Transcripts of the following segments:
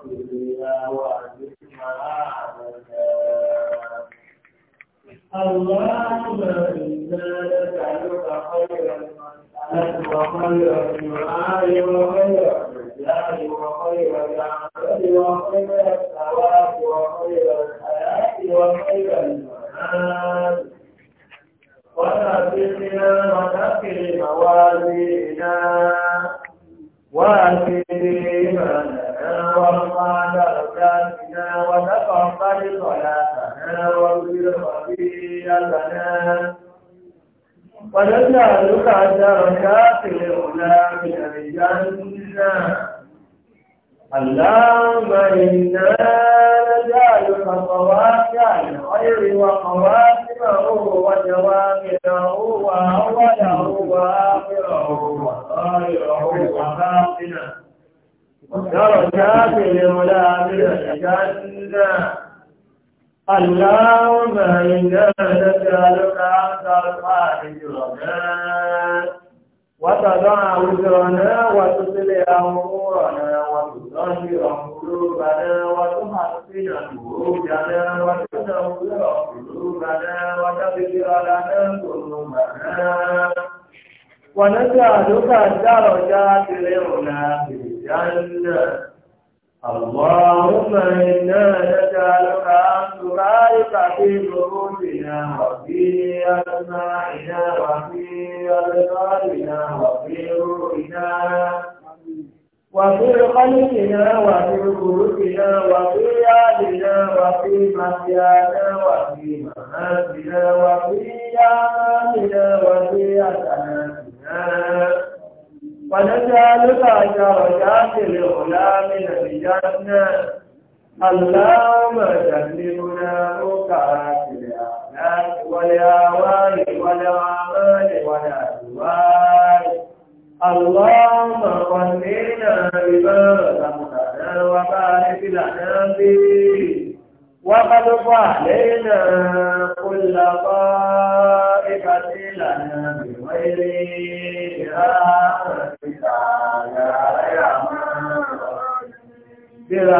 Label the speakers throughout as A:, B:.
A: اللهم إنا
B: نسألك خير المسألة وخير الدعاء وخير الرجاء وخير
A: العمل وخير الثواب وخير الحياة وخير
C: الممات ونفسنا ونفي موازينا وأكرم صلاتنا وارفع درجاتنا وتقبل صلاتنا واغفر خطيئتنا ونسألك دركات الأولى من الجنة اللهم إنا نجعلك صوافع الخير وخواتمه وجوامعه وأوله وآخره وظاهره
A: وباطنه
C: درجات لغلام الجنة اللهم إنا نسألك أن ترفع هجرنا
A: وتضع وزرنا
C: وتصلح أمورنا وتطهر قلوبنا وتحسن فروجنا وتنور قلوبنا وتغفر لنا ذنوبنا ونسألك الدرجات العلى
A: في اللهم إنا نجعلك
C: أسرارك في قلوبنا وفي أسماعنا وفي أبصارنا
A: وفي روحنا وفي
C: خلقنا
A: وفي قلوبنا وفي أهلنا وفي محيانا وفي
C: مماتنا وفي أعمالنا وفي
B: أسناتنا
C: ونجعلك درجات العلا من الجنة اللهم جنبنا رُكَعَاتِ الأعناق والأهوال والأعمال والأهوال اللهم قنعنا بما رزقتنا وبارك لنا به وقد فعلينا كل طائفة لنا بغير kíra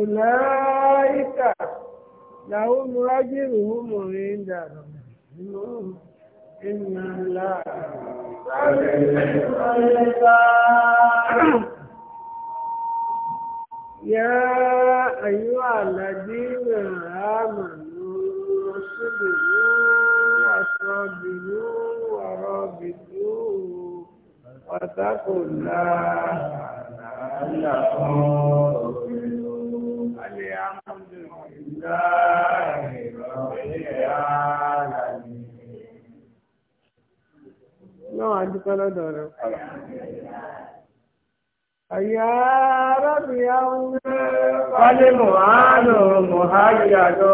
C: ọ̀làíkà làwọn mùrájìrì hùmù rí ń dàrọ̀ nínú ìnà ńlá. يا أيها الذين آمنوا اصبروا وصابروا ورابطوا
A: واتقوا الله
D: لعلكم náà
C: adúpẹ́ lọ́dọ̀ rẹ̀. Àyà rábì àwọn wálé Mùhánù Mùhájì àjọ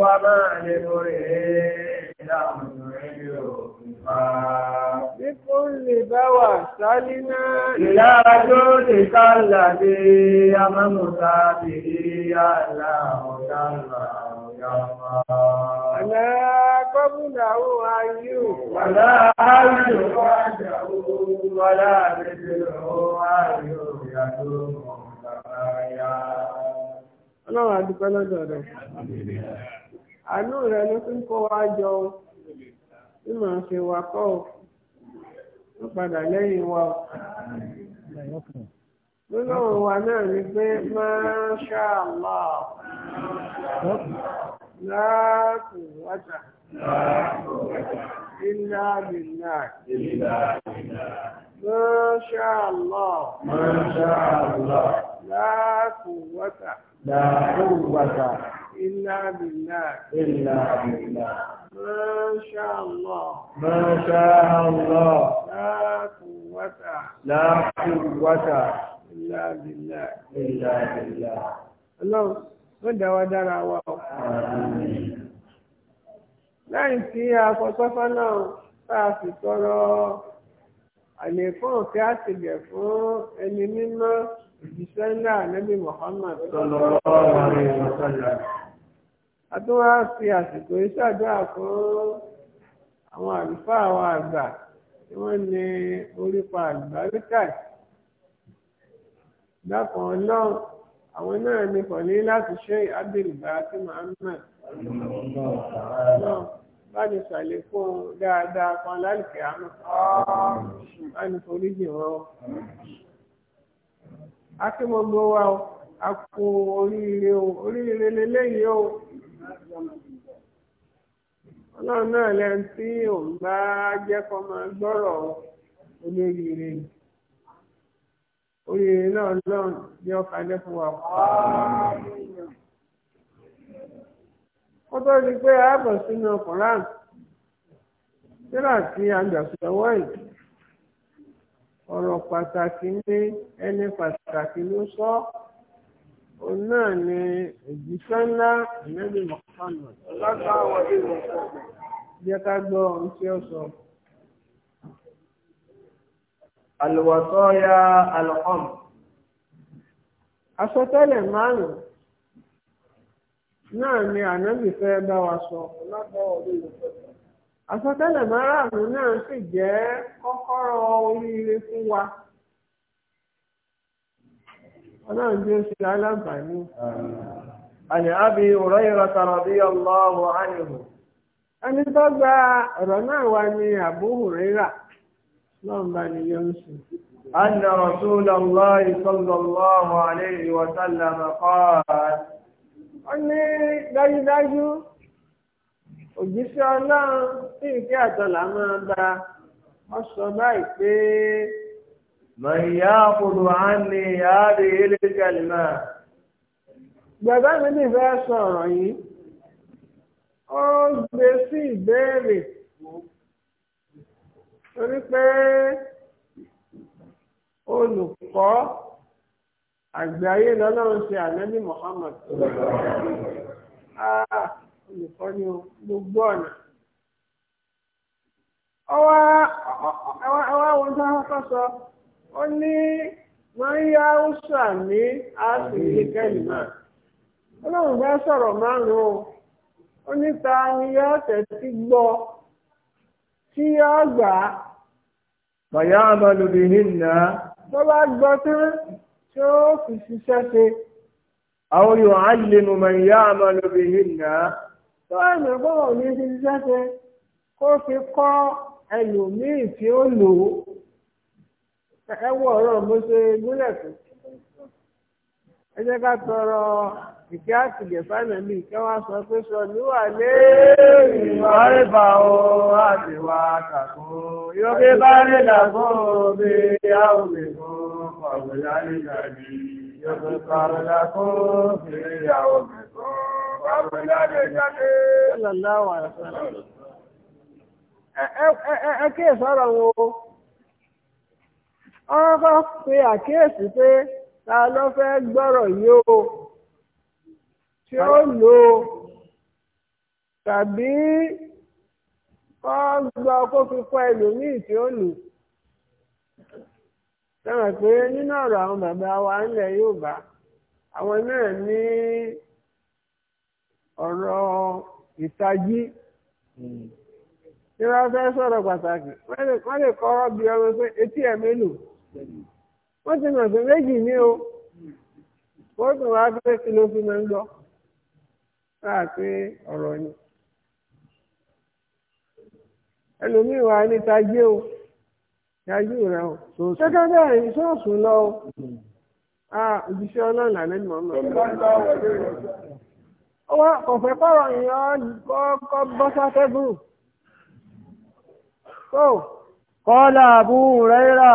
A: wa máa lè borí ìlànà
C: lè wà sálí náà. Ìyára tó lè kálà dé
A: amámúta bí àlà ọ̀dá àlà ọ̀dá
D: máa.
C: Àlá kọ́bùnà ó ayú. Wàlá ayú
A: wájà ó wàlá àbẹ̀tẹ̀ ó ayú ìyàtọ̀ ọ̀dá ayá.
C: Ọlọ́run àdúpẹ́ lọ́dọ̀ rẹ̀. Àánú rẹ̀ ló tún kó wá jọ. Bí màá ṣe wakọ̀ ọ́ ó padà lẹ́yìn wa gbólóhùn wa náà ni pé Masha Allah láàkù wájà ilá bìlá Masha Allah láàkù wájà. إلا بالله إلا ما شاء الله ما شاء الله
A: لا قوة لا قوة إلا بالله
C: إلا بالله الله wọ́n dá wa dára wa ọ́. lẹ́yìn tí a fọpẹ́ fọ́nà tá a sì tọrọ àlékún kí a sì bẹ̀ fún ẹni mímọ́ ìjíṣẹ́ ńlá nẹ́bí Muhammad. sọlọ́ọ́ àwọn èèyàn sọ̀rọ̀ àtúwá fi àsìkò ìṣàdúrà fún àwọn àlùfáà àwọn àgbà tí wọ́n ní orípa àlùbáríkà dákan ọlọ́run àwọn náà ní pọ̀lí láti ṣe abdulbá tí muhammad bá ní ṣàlékún dáadáa kan lálùkẹ́ àmọ́ bá ní foríjì wọn o. akíngbogbo wa o a kú oríire o oríire lélẹ́yìí o. ọlọ́run náà lẹ́nu tí òun bá jẹ́ kọ́ máa gbọ́rọ̀ olóríire oríire náà lọ́run jẹ́ ọkà lẹ́fún wa kó tó di pé ààbọ̀ sínú ọkùnrin sílà tí a gbà ọ̀rọ̀ pàtàkì ní ẹni pàtàkì ló sọ ọ́. òun náà ni ìjíṣẹ́ ńlá ìnáwó Muhammad ọlọ́gbàwọ̀ ìwọ̀ jẹ́ ká gbọ́ ohun tí ó sọ. àlùwọ̀tọ́ ya alùkọ́m. àsọtẹ́lẹ̀ márùn-ún náà ni ànábì fẹ́ bá wa sọ ọlọ́gbàwọ̀ ìwọ̀ àsọtẹ́lẹ̀ márùn náà sì jẹ́ kọ́kọ́rọ́ oríire fún wa ọlọ́run jẹ́ ṣe aláǹfààní. àní àbí Hurayrata radiyallahu anhu. ẹni tó gba ọ̀rọ̀ náà wá ní Abu Hurayra lọ́n bá ní yọ̀ǹsì. أن رسول الله صلى الله عليه وسلم قال wọ́n ní dájúdájú òjíṣẹ́ ọlọ́run tí ìké àtọ́là máa bá ọ sọ báyìí pé من يأخذ عني هذه الكلمة bàbá mi ní ìfẹ́ sọ̀rọ̀ yìí ó gbé sí ìbéèrè torí pé olùkọ́ àgbáyé lọ́lọ́run ṣe ànábì Muhammad ah, olùkọ́ ni gbogbo ọ̀nà ọwọ́ ohun tó wọ́n kọ́ sọ ó ní wọ́n yá ọ̀sà ní àṣìlè kẹ́lìmá ọlọ́run bá sọ̀rọ̀ márùn-ún ó ní ta ni yóò tẹ̀sí gbọ́ tí yóò gbà á. bàyá àmàlùbí nìyà. tó bá gbọ́ tán tí ó fi ṣiṣẹ́ ṣe. àwọn yóò á lè mú màyá àmàlùbí nìyà. tó ẹ̀mí gbọ́dọ̀ ní ṣiṣẹ́ ṣe kó fi kọ́ ẹlòmíì tí ó lò ó. ẹ wọ ọ̀rọ̀ mo ṣe gúnlẹ̀ tó ẹ ká tọrọ ìkẹ́ àtìgẹ̀ fáìlẹ́lì kẹ́ wá sọ pé sọ níwà lé ìwà rẹ̀bà o àti wà bá rí bá rí ẹ ẹ ẹ wọ́n kọ́ pe àkíyèsí pé ta ló fẹ́ gbọ́rọ̀ yìí o tí ó lò ó tàbí kọ́ gbọ́ kó fi kọ́ ẹlòmíì tí ó lò sọ̀rọ̀ pé nínú ọ̀rọ̀ àwọn bàbá wa ńlẹ̀ bá. àwọn náà ní ọ̀rọ̀ ìtají hmm. tí wọ́n fẹ́ sọ̀rọ̀ pàtàkì wọ́n lè kọ́ ọ́ bí ọmọ pé etí ẹ̀ mélòó. wọ́n ti mọ̀ pé méjì ní o wọ́n tún wá pé kí ló fi máa ń lọ káà pé ọ̀rọ̀ ni ẹlòmíì wà ní tajé o tajú rẹ o gẹ́gẹ́ bẹ́ẹ̀ ní ṣọ́ọ̀ṣù lọ o òjíṣẹ́ ọlọ́run àlẹ́ mọ̀ mọ̀ ọwọ́ ọ̀fẹ́ kọ́rọ̀ yẹn kọ́ bọ́ sáfẹ́gùn kọ́ kọ́ làbú rẹ́rà.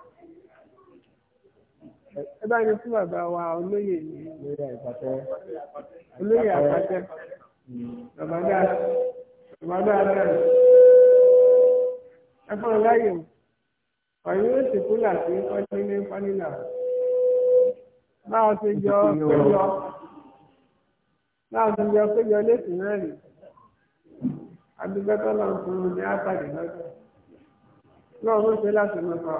C: ẹ bá ní fún bàbá wa olóyè yìí olóyè àpàtẹ bàbá dáadáa bàbá dáadáa ẹ fọ́n láyè o ọ̀yìn ó sì kú láti kọ́ni ní kọ́nìlà báwọn ti jọ péjọ báwọn ti jọ péjọ lẹ́sìn náà rè adúgbẹ́tọ́ náà fún un ní àpàdé lọ́dọ̀ náà ó ń ṣe láti mọ̀ fún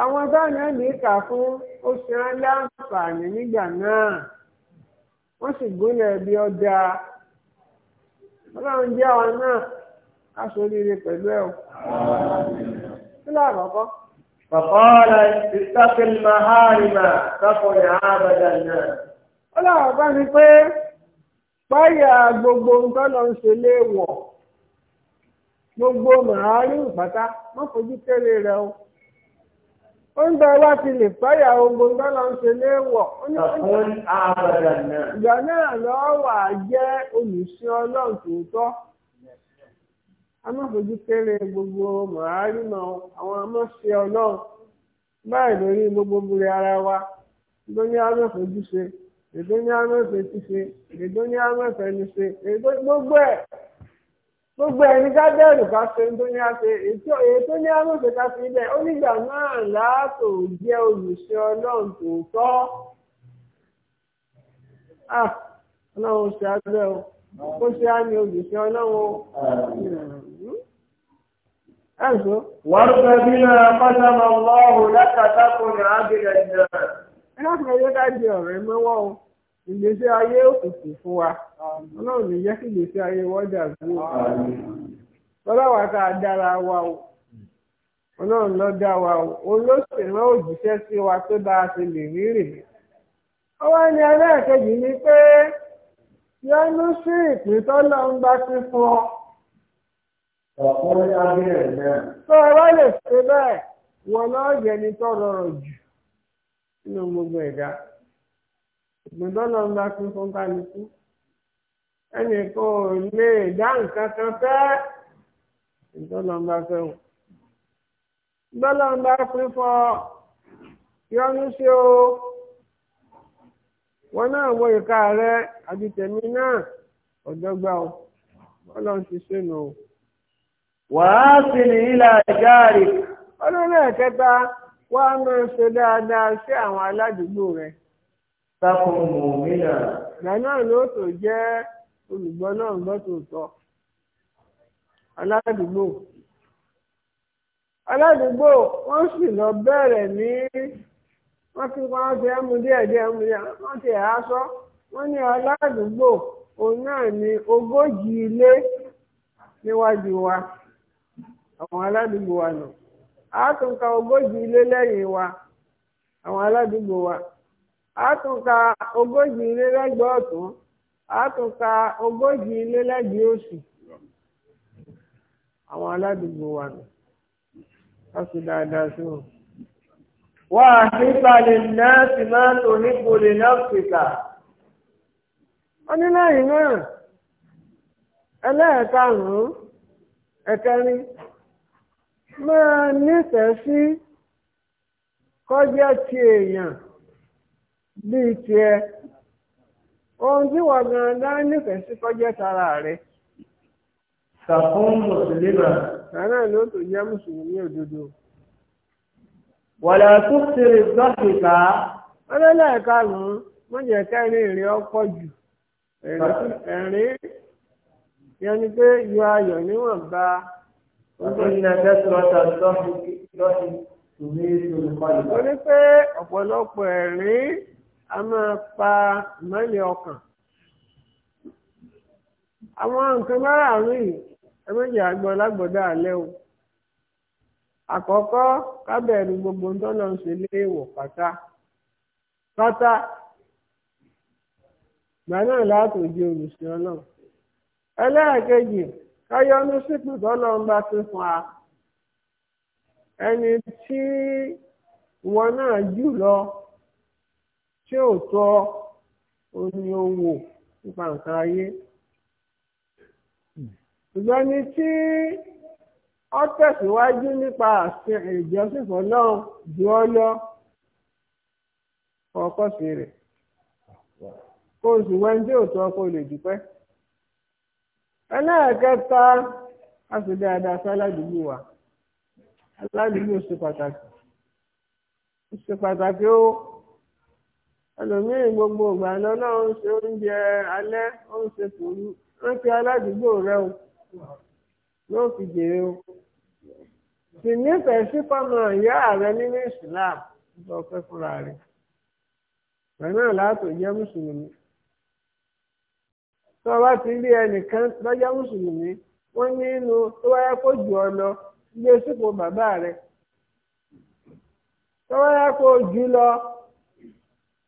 C: àwọn táwọn ẹ̀mí kà fún oṣù aláǹfààní nígbà náà wọ́n sì gúnlẹ̀ bí ọjà ọlọ́run jẹ́ àwọn náà ká ṣoríire pẹ̀lú ẹ̀ o. sílẹ̀ àkọ́kọ́. Fàkọ́ọ́lá ìtàkìlì máa há ìmà káfọ̀yà àbàdà náà. Ọlọ́run bá ní pé báyà gbogbo nǹkan lọ ń ṣe léèwọ̀. Gbogbo màálù pátá, wọ́n fojú kéré rẹ̀ o. oúnjẹ wa lè ogun tọ́lọ ń ṣe léèwọ̀. ọ̀hún àbàdà náà. ìgbà náà lọ wà jẹ́ olùsìn ọlọ́run tòótọ́. a má kéré gbogbo màálù náà àwọn amọ̀ṣẹ́ ọlọ́run báyìí lórí gbogbo búrẹ́ ara wa èdè ní àmọ́ ṣe èdè ní àmọ́ fetí gbogbo gbogbo ẹni ká bẹ̀rù ká ṣe tó ní àṣẹ èyí tó ní àmọ̀ṣe ká fi ilẹ̀ ó nígbà náà láàtò jẹ́ olùṣe ọlọ́run tòótọ́ ọlọ́run ṣe abẹ́ o ó ṣe á ní olùṣe ọlọ́run o. bí náà pátámọ̀ lọ́hùn-ún lákàtàkùn ní abẹ́rẹ́ ìjọba. ẹ láti ẹjọ́ ká o. ìgbésí ayé òkùnkùn fún wa ọlọ́run ní jẹ́ kí ìgbésí ayé wọ́n dàbí ọlọ́wà tá a dára wa o ọlọ́run ló dá wa o olóṣèlú òjíṣẹ́ sí wa tó bá a lè rí rè ó wá ní ẹlẹ́ẹ̀kejì ni pé sí ìpín tọ́lọ́ ń gbá sí fún ọ.
B: abẹ́rẹ́ náà.
C: bá lè ṣe bẹ́ẹ̀ yẹni rọrùn jù nínú gbogbo ẹ̀dá. ìgbìndọ́nà ń bá pín fún kálukú ò lè dá nǹkan kan fẹ́ ìgbìndọ́nà bá fẹ́ o ìgbìndọ́nà bá pín fọ yọnu sí o wọn náà wọ ìka rẹ náà ọ̀dọ́gba o ọlọ́run ti sẹ́nu o.
D: wàá sì ní ilà ìjáàrí.
C: ọlọ́run ẹ̀kẹta wàá máa ṣe dáadáa sí àwọn aládùúgbò rẹ̀. sákùn mòmínà. ìgbà náà ló tó jẹ́ olùgbọ́ náà gbọ́ tòótọ́ aládùúgbò aládùúgbò wọ́n sì lọ bẹ̀rẹ̀ ní wọ́n ti wọ́n ti ẹmu díẹ̀ díẹ̀ ẹmu díẹ̀ wọ́n ti wọ́n ní aládùúgbò òun náà ni ogójì ilé níwájú a tún ka wa a tún ka ogójì ilé lẹ́gbẹ̀ẹ́ ọ̀tún a tún ka ogójì ilé lẹ́gbẹ̀ẹ́ òsì àwọn aládùúgbò wa nù a sì dáadáa sí wọn. wá a ti balẹ̀ náà sì máa ń tò ní kòlè náà fìkà. ó ní lẹ́yìn náà ẹlẹ́ẹ̀karùn-ún ẹ̀kẹrin máa nífẹ̀ẹ́ sí kọjá ti èèyàn bíi tiẹ̀ ohun tí wọ́n gan-an dá nífẹ̀ẹ́ sí kọjá tara rẹ̀. sàfún mùsùlùmá. sànà ló tó jẹ́ mùsùlùmí òdodo. wàlá tó ṣeré dọ́kítà. ọlọ́lẹ́ẹ̀ka nù wọ́n jẹ́ kẹ́rin ìrìn ọ̀pọ̀ jù ẹ̀rín yẹn ni pé yọ ayọ̀ níwọ̀nba. ó ní pé ọ̀pọ̀lọpọ̀ ẹ̀rín. a ma pa ìmọ̀lẹ̀ ọkàn àwọn nǹkan márààrún yìí ẹ méjì àgbọ̀ lágbọ̀dá àlẹ́ o àkọ́kọ́ kábẹ̀rù gbogbo ń tọ́lọ̀ ń ṣe léèwọ̀ pátá pátá naa náà láti òjì olùsìn ọlọ́run ẹlẹ́ẹ̀kejì káyọ́nú sípò tọ́lọ̀ ń bá fi fún ẹni tí wọn náà jù lọ ṣé òótọ́ o ní owó nípa nǹkan ayé ṣùgbọ́n ní tí ó tẹ̀síwájú nípa àṣẹ ìjọsìn fọlọ́run ju ọ lọ ọkọ sí rẹ̀ kó o sì wẹ́n tí òótọ́ kó o lè dúpẹ́ ẹlẹ́ẹ̀kẹta a sì dáadáa sí aládùúgbò wa aládùúgbò ṣe pàtàkì ṣe pàtàkì ó ẹlòmíì gbogbo ìgbà lọ́nà ó ń ṣe oúnjẹ alẹ́ ó ń ṣe sùúrù rántí aládùúgbò rẹ o yóò fi jèrè o sì nífẹ̀ẹ́ sí fọ́mọ ìyá rẹ nínú Islam lọ fẹ́ fúnra rẹ pẹ̀lú àlàáfíà jẹ́ mùsùlùmí tó o bá ti rí ẹnìkan lọ́jọ́ mùsùlùmí wọ́n ní inú tó wáyé kó jù ọ lọ ilé sípò bàbá rẹ tó wáyé kó jù lọ.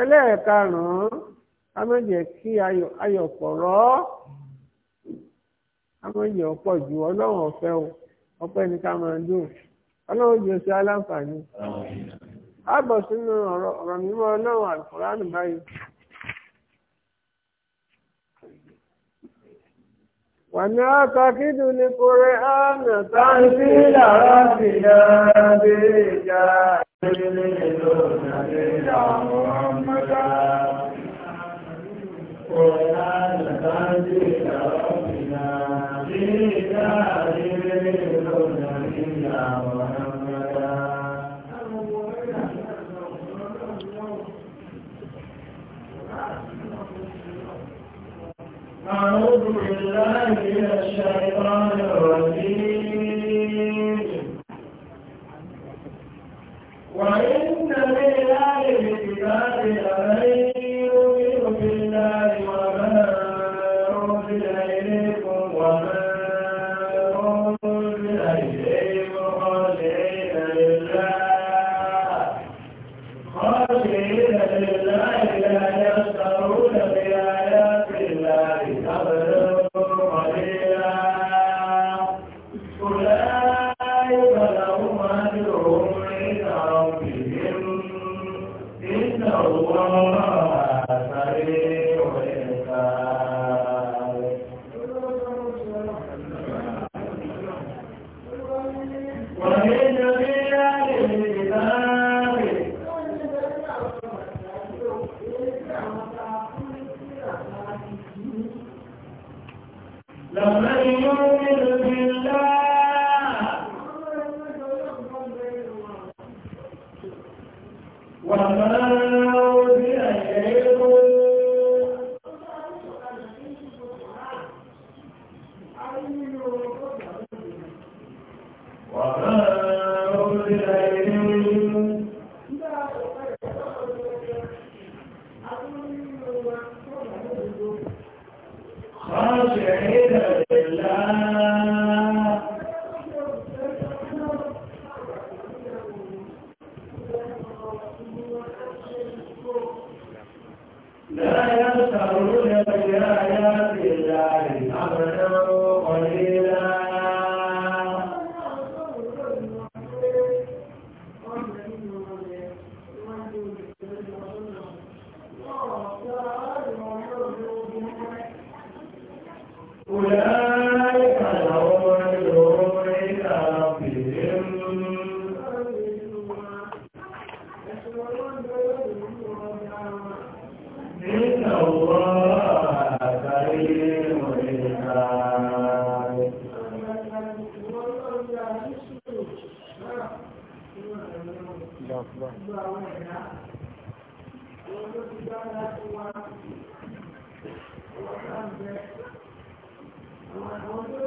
C: ẹlẹ́ẹ̀karùn-ún a máa jẹ́ kí ayọ̀ pọ̀rọ́ a máa jẹ́ ọ̀pọ̀ jù ọlọ́run ọ̀fẹ́ o ọpẹ́ ní ká máa dùn ọlọ́run jù sí a bọ̀ sínú ونعتقد القرآن تنزيل ربنا
A: بجاهل نبينا محمدا
B: قرآن تنزيل ربنا بجاهل نبينا محمدا
C: أعوذ بالله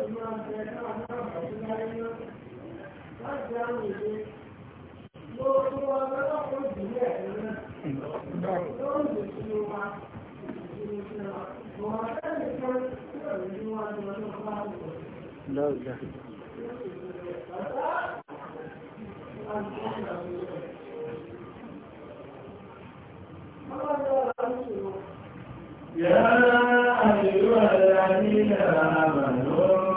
B: لا إله يا أيها الذين آمنوا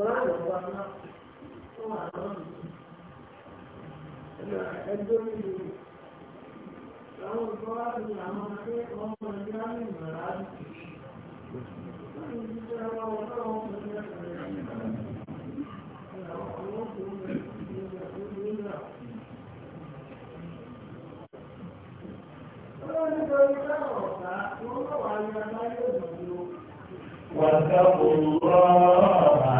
B: القرآن والسنة هو أمام الدين لو القرآن والعمل خير هم من كان المراد واتقوا الله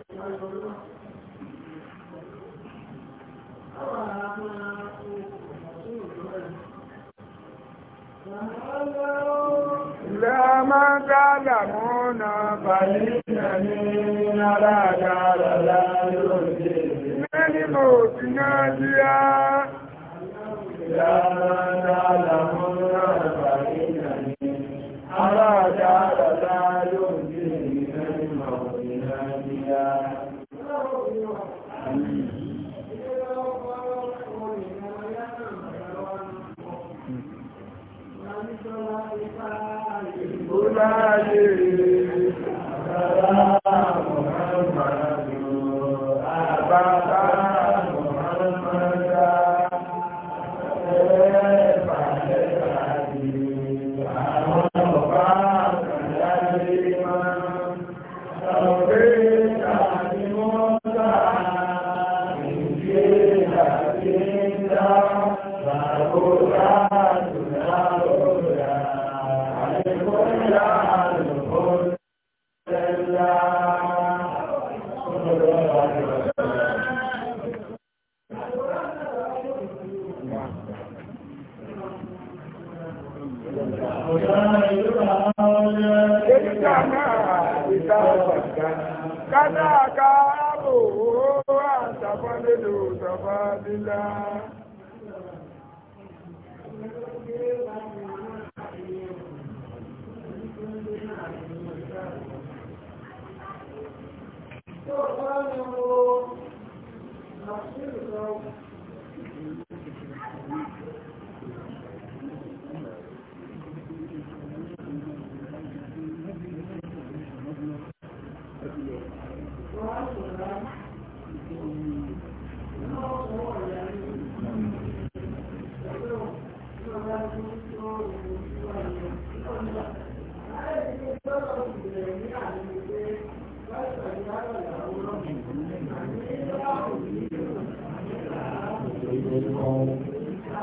C: يعلمون
B: فإنني لا دار لا من موتنا يا لا تعلمون ṣe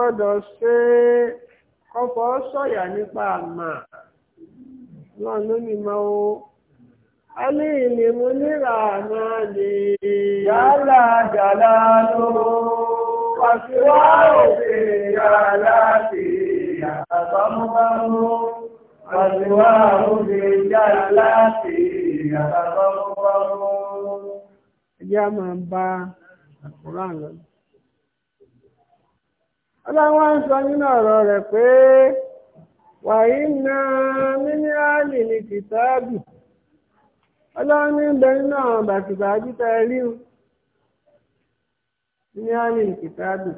C: gbọ́dọ̀ ṣe kọ́fọ́ sọ̀yà nípa àmà náà ló ní ma o. a ní ìlè mo níra àmà lè. yálà jàlá ló pàṣíwá òfin yàrá sí àbámúbámú pàṣíwá òfin yàrá sí àbámúbámú. ń bá àkùrá lọ. ọlọ́wọ́ ń sọ nínú ọ̀rọ̀ rẹ̀ pé wàyí na mínírààlì ní kìtàbù ọlọ́run ní bẹ nínú àwọn bàtìbà ajíta rí o mínírààlì ní kìtàbù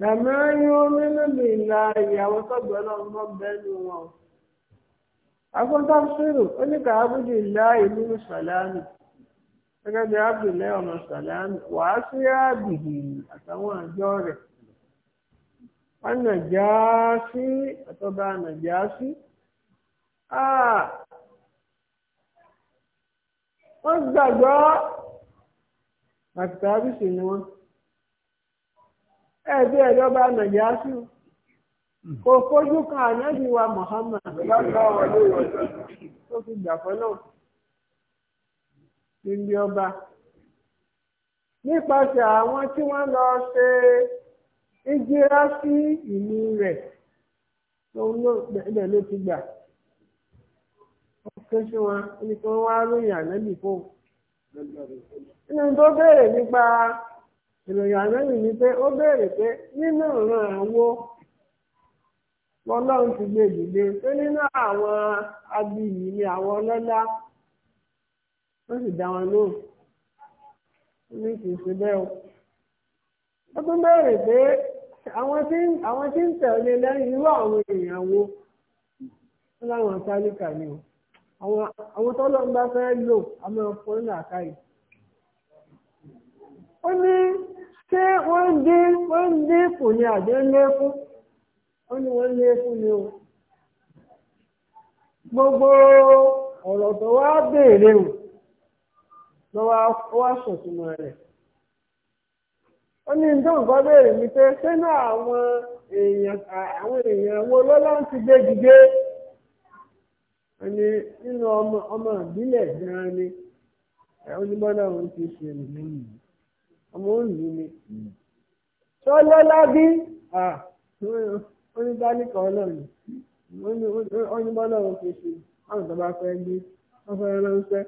C: làmọ́ yóò mínú bí ìlà ìyàwó ọlọ́run mọ́ wọn akọ́ńtà sírù abúlé ìlà ìlú sàlámì gẹ́gẹ́ bí ọmọ sàlámì anàjàásí àtọ́ba anàjàásí wọ́n gbàgbọ́ àkìtàbísì ni wọ́n ẹ̀ẹ́dí ẹ̀dọ́ba kò fojú kan ànábì wa Muhammad lọ́gbàwọ̀ lóòrùn tó fi gbà fọ́nà níbi ọba nípasẹ̀ àwọn tí wọ́n lọ ṣe ìjírá sí ìlú rẹ̀ ibẹ̀ ló ti gbà ọkàn sí wọn ẹni kan wá ròyìn ànábì fún nínú tó béèrè nípa ìròyìn ànábì ni pé ó béèrè pé nínú ìran àwọn ọlọ́run ti gbé dìde pé nínú àwọn ni àwọn ọlọ́lá wọn lóhùn ní kì o ó tún béèrè pé àwọn tí ń tẹ̀lé lẹ́yìn irú àwọn èèyàn wo láwọn tálíkà ni o àwọn tọ́lọ́ ń bá fẹ́ lò a máa fọ́n yìí. ó ní ṣé wọ́n dé wọ́n ní àjẹ́ ó ní wọ́n ni o. gbogbo ọ̀rọ̀ tó wá béèrè o lọ́wọ́ wá rẹ̀. ó ní tó nǹkan béèrè mi pé sínú àwọn èèyàn àwọn èèyàn wo lọ́lọ́ ti gbé ẹni nínú ọmọ ọmọ ìbílẹ̀ gan-an ni onímọ̀lá òun ti ṣe ọmọ òǹdí ni sọlọ́lá bí oníbálíkà ọlọ́run onímọ̀lá òun ti ṣe àwọn fẹ́ gbé ránṣẹ́.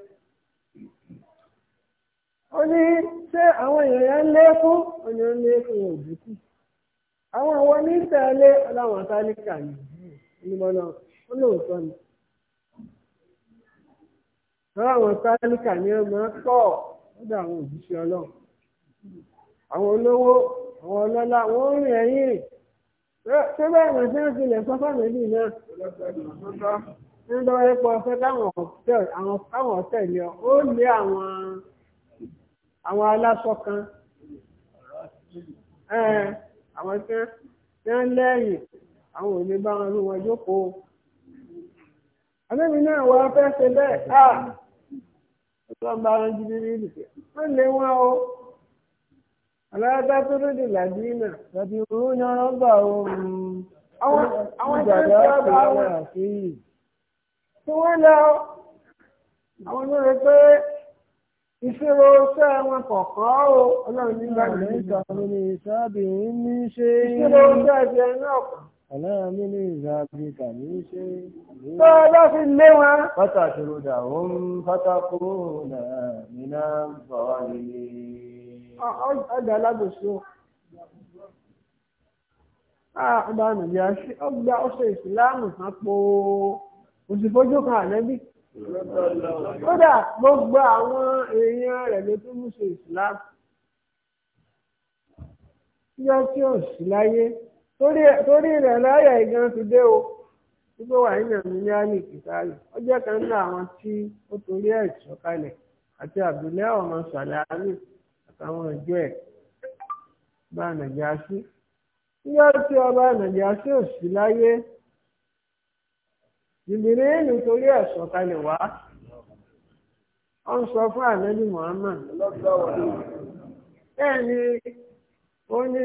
C: ó ní ṣé àwọn èèyàn ń lékún ó ní ń lékún wọn àwọn àwọn Onye ọláwọn tálíkà ní ìmọ̀nà olóòótọ́ ni ọláwọn tálíkà ní ọmọ pọ̀ lọ́dọ̀ àwọn òjíṣẹ́ ọlọ́run àwọn olówó àwọn ọlọ́lá wọ́n ń ẹ̀yìn ṣé bẹ́ẹ̀ mọ̀ sí ọ̀sìn ilẹ̀ sọ́fà méjì náà ń lọ ẹ̀pọ̀ ọ̀fẹ́ káwọn ọ̀tẹ̀ lé ó lé àwọn. àwọn aláṣọ kan àwọn tí wọ́n lẹ́yìn àwọn ò ní bá wọn rú wọn jókòó àbẹ́mi náà wọ́n fẹ́ ṣe bẹ́ẹ̀ á ọlọ́run bá wọn jí bíbí ìlú wọ́n lé wọn o aláàbá tó lóde làdínà tàbí òun ní ọ̀rọ̀ gbà ohun àwọn tó ń sọ bá wọn tí wọ́n lọ àwọn tó rẹ pé ìṣirò ṣẹ́ wọn kọ̀ọ̀kan o ọlọ́run ní bá mi níta. ọlọ́run ní ìsáàbì ń ní ṣe. ìṣirò ṣẹ́ ti ẹ̀ náà kàn. ọlọ́run mi ní ìsáàbì kà ní ṣe. tó o bá fi lé wọn. pàtàkì ròdà ó ń pátákó náà nínú bọ̀ wá nílé. ọjà alágbèsò ọba àmì ìyá ọgbà ọṣẹ ìsìláàmù kan po òsìfójú kan àlẹ́bí kódà gbogbo àwọn èèyàn rẹ̀ ló tún mú ṣe islam yọ tí ò sí láyé torí rẹ̀ láyà ìgan ti dé o wípé wà nínú mílíọ̀nù kìtàlù ó jẹ́ kan nínú àwọn tí ó torí ẹ̀ sọ̀kalẹ̀ àti àbúlé ọmọ sàlámì àtàwọn ìjọ ẹ̀ bá nàìjíríà sí yọ tí ọba nàìjíríà sí ò láyé. jìbìrì èlù torí ẹ̀ sọ̀kalẹ̀ wá ọ ń sọ fún ànábì Muhammad bẹ́ẹ̀ ni ó ní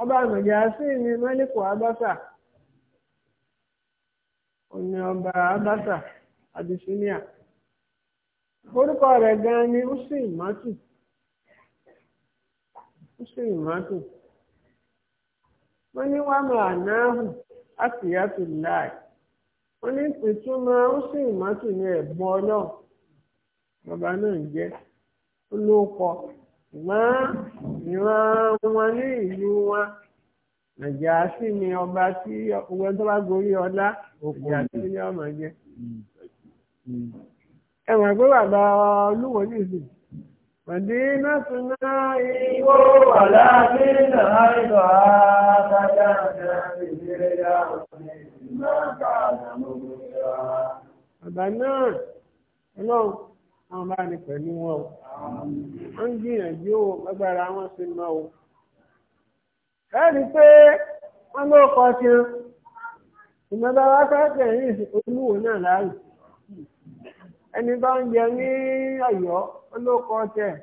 C: ọba àmọ̀jà sí ni mẹ́líkù abáṣà ó ní ọba abáṣà abisinia orúkọ rẹ̀ gan ni usain matu usain matu wọ́n ní wàá mọ̀ ànáhùn láì. ó ní ìtumọ̀ ó sì mọ́tò ní ẹ̀bùn ọlọ́run bàbá náà ń jẹ́ ó ló kọ ṣùgbọ́n ìran wọn ní ìlú wọn nàìjíríà sì ni ọba tí ọgbẹ́ tó bá gorí ọlá ìyá tí ní ọmọ jẹ. ẹ mọ̀ pé bàbá olúwo ní ìsìn Màdínà tuná ìwó wà láàbí náà ìgbà àtàjà àti ìdílé dáhùn ní ìlú. Bàbá náà, ọlọ́run, àwọn bá ní pẹ̀lú wọn o. Wọ́n ń gbìyànjú o, agbára wọn sì mọ́ o. Ẹ́ẹ̀rí pé wọ́n ló kọ́ sí wọn. Ìmọ̀ba wa sáfẹ́ ní olúwo náà láàrú. Ẹni bá ń jẹ ní Ọ̀yọ́, ló kọ́ tẹ̀.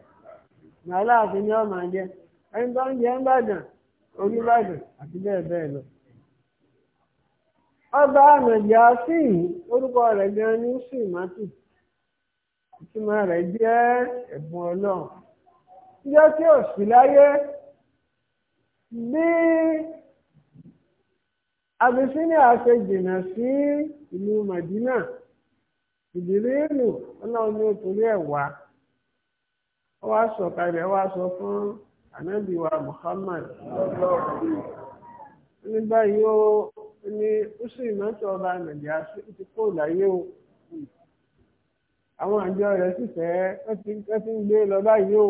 C: ọba ànàjà sí orúkọ rẹ̀ gan ní sùmátì ìtumọ̀ rẹ̀ jẹ́ ẹ̀bùn ọlọ́run níjọ́ tí ò sí láyé bí abisinia ṣe jìnnà sí ìlú madina ìdílérò ọlọ́run ní òtúrí ẹ̀ wá ó wá sọ̀kalẹ̀ wá sọ fún ànábì wa muhammad ní báyìí ó ni ó sì mọ́tò ọba nàìjíríà ti kó láyé o àwọn àjọ rẹ̀ sì fẹ́ wọ́n ti ń gbé lọ báyìí o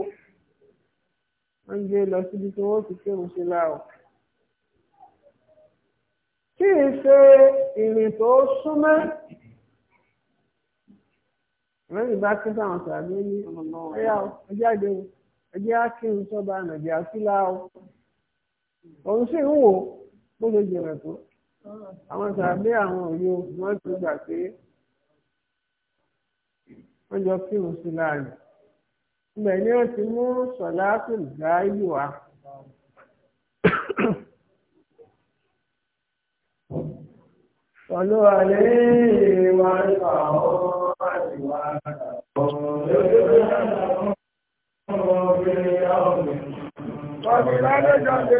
C: wọ́n ń gbé lọ síbi tí wọ́n ti kírun sí la o. kí n ṣe ìrìn tó súnmọ́ lẹ́yìn bá kí sáwọn sàbí ní ẹ̀yà ọjáde ẹ̀jẹ̀ akínú sọ́ba nàìjíríà sí la o. òun sì ń wò bó ṣe jìnà tó àwọn sàbí àwọn òye wọ́n ti gbà pé wọ́n jọ kírun sí láàyè ibẹ̀ ni wọ́n ti mú sọ̀láàtù gáàyè wá. Pẹ̀lú àlẹ́ ìwà ìfà ọ̀hún àti ìwà
B: àgbà. Ọ̀gbìn lálẹ́ jáde.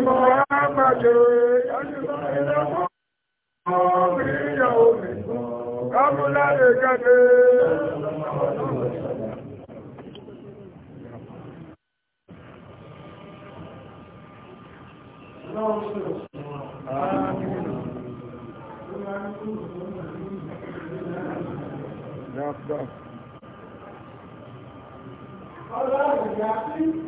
A: محمد يجمعنا في يوم قبل الكبير
B: That's done. All right, we got you.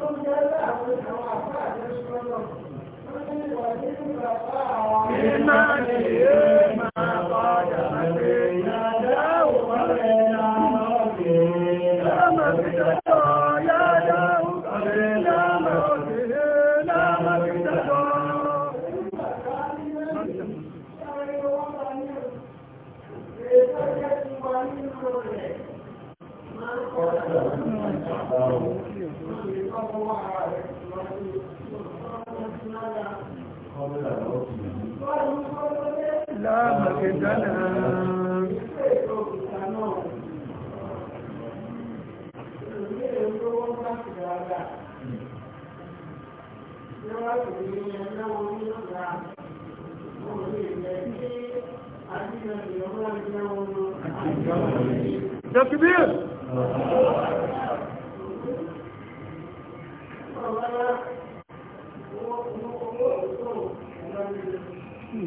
B: Ìmáàlì láàmàkẹ́ dáná ده Hmm.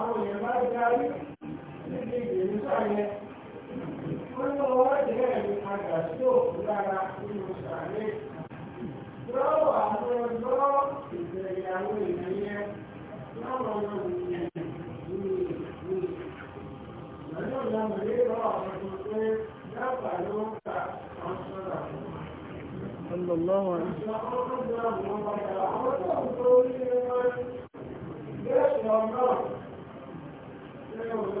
B: àwọn èèyàn bá darí níbi ìgbèrísà yẹn wọ́n ní ọwọ́ ìdílé ní padà sí òkú lára nínú sàlẹ̀ lọ́wọ́ àwọn ọjọ́ ìbẹ̀rẹ̀ àwọn èèyàn yẹn láwọn ọmọ ìyẹn ní ìlú lọ́jọ́ ìlànà lè lọ́ àwọn ọmọ pé dábàá ló ń ta àwọn sọ́dà fún wa.
C: Sallallahu alaihi wa
B: sallam. Yes, no, no. Thank you.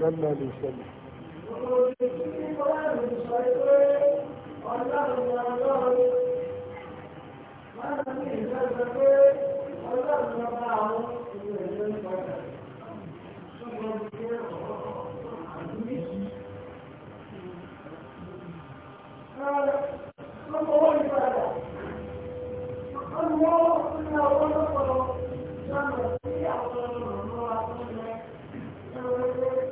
A: lọ́nà lè ṣẹlẹ̀.
B: Thank you.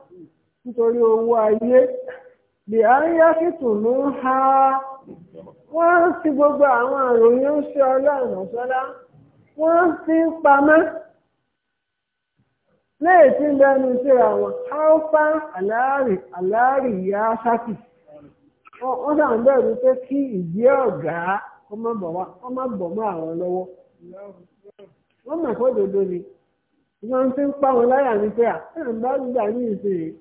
C: nítorí owó ayé bìháríyá sì tún ló ń ha wọ́n ń fi gbogbo àwọn àròyìn oúnjẹ ọlọ́run ọ̀sọ́lá wọ́n ń fi pamọ́ lẹ́yìn tí ń bẹnu síra wọn haúpá aláàrí aláàrí ìyá sákì wọ́n sàn pé kí ìdí ọ̀gá ọmọ bọ̀ mọ́ àwọn lọ́wọ́ wọ́n mọ̀ pé ni wọ́n ti ń pa wọn láyà ní pé à ń bá gbà ní ìsinyìí.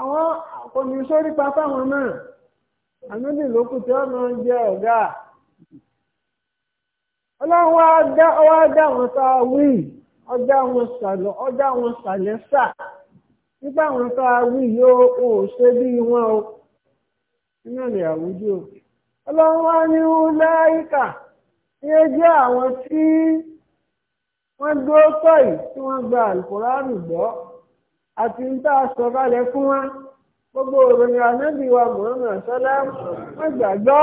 C: àwọn kòmíṣọ́ nípa fáwọn náà àmúdì lókù tí wọ́n máa ń jẹ ọ̀gá ọlọ́run wá dá wọn sá wí ọjà wọn sàlọ ọjà wọn sàlẹ̀ sà nígbà wọn sá wí yóò ò ṣe bí wọn o nínú ìrìn àwùjọ ọlọ́run wá ní láyíkà iye jẹ́ àwọn tí wọ́n dúró sọ̀yì tí wọ́n gba àlùkò rárùn gbọ́ àti ń tá a sọ kalẹ̀ fún wa gbogbo ìròyìn ànábì wa Muhammad sọlá wọn gbàgbọ́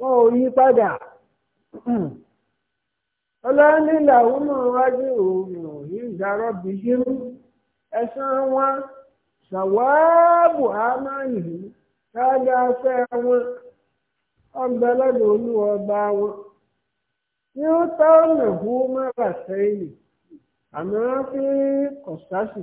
C: wọn ò yí padà ọlọ́nílà ọmọ wájú òun ò ní bí yírú ẹ̀sán wọn ṣàwáàbù àmàlì káàdà fẹ́ wọn ọgbẹ́ lọ́dọ̀ olúwa wọn ní ó tọ́ ọ̀nà fún mọ́ra sẹ́yìn àmọ́ fi kọ̀sásì.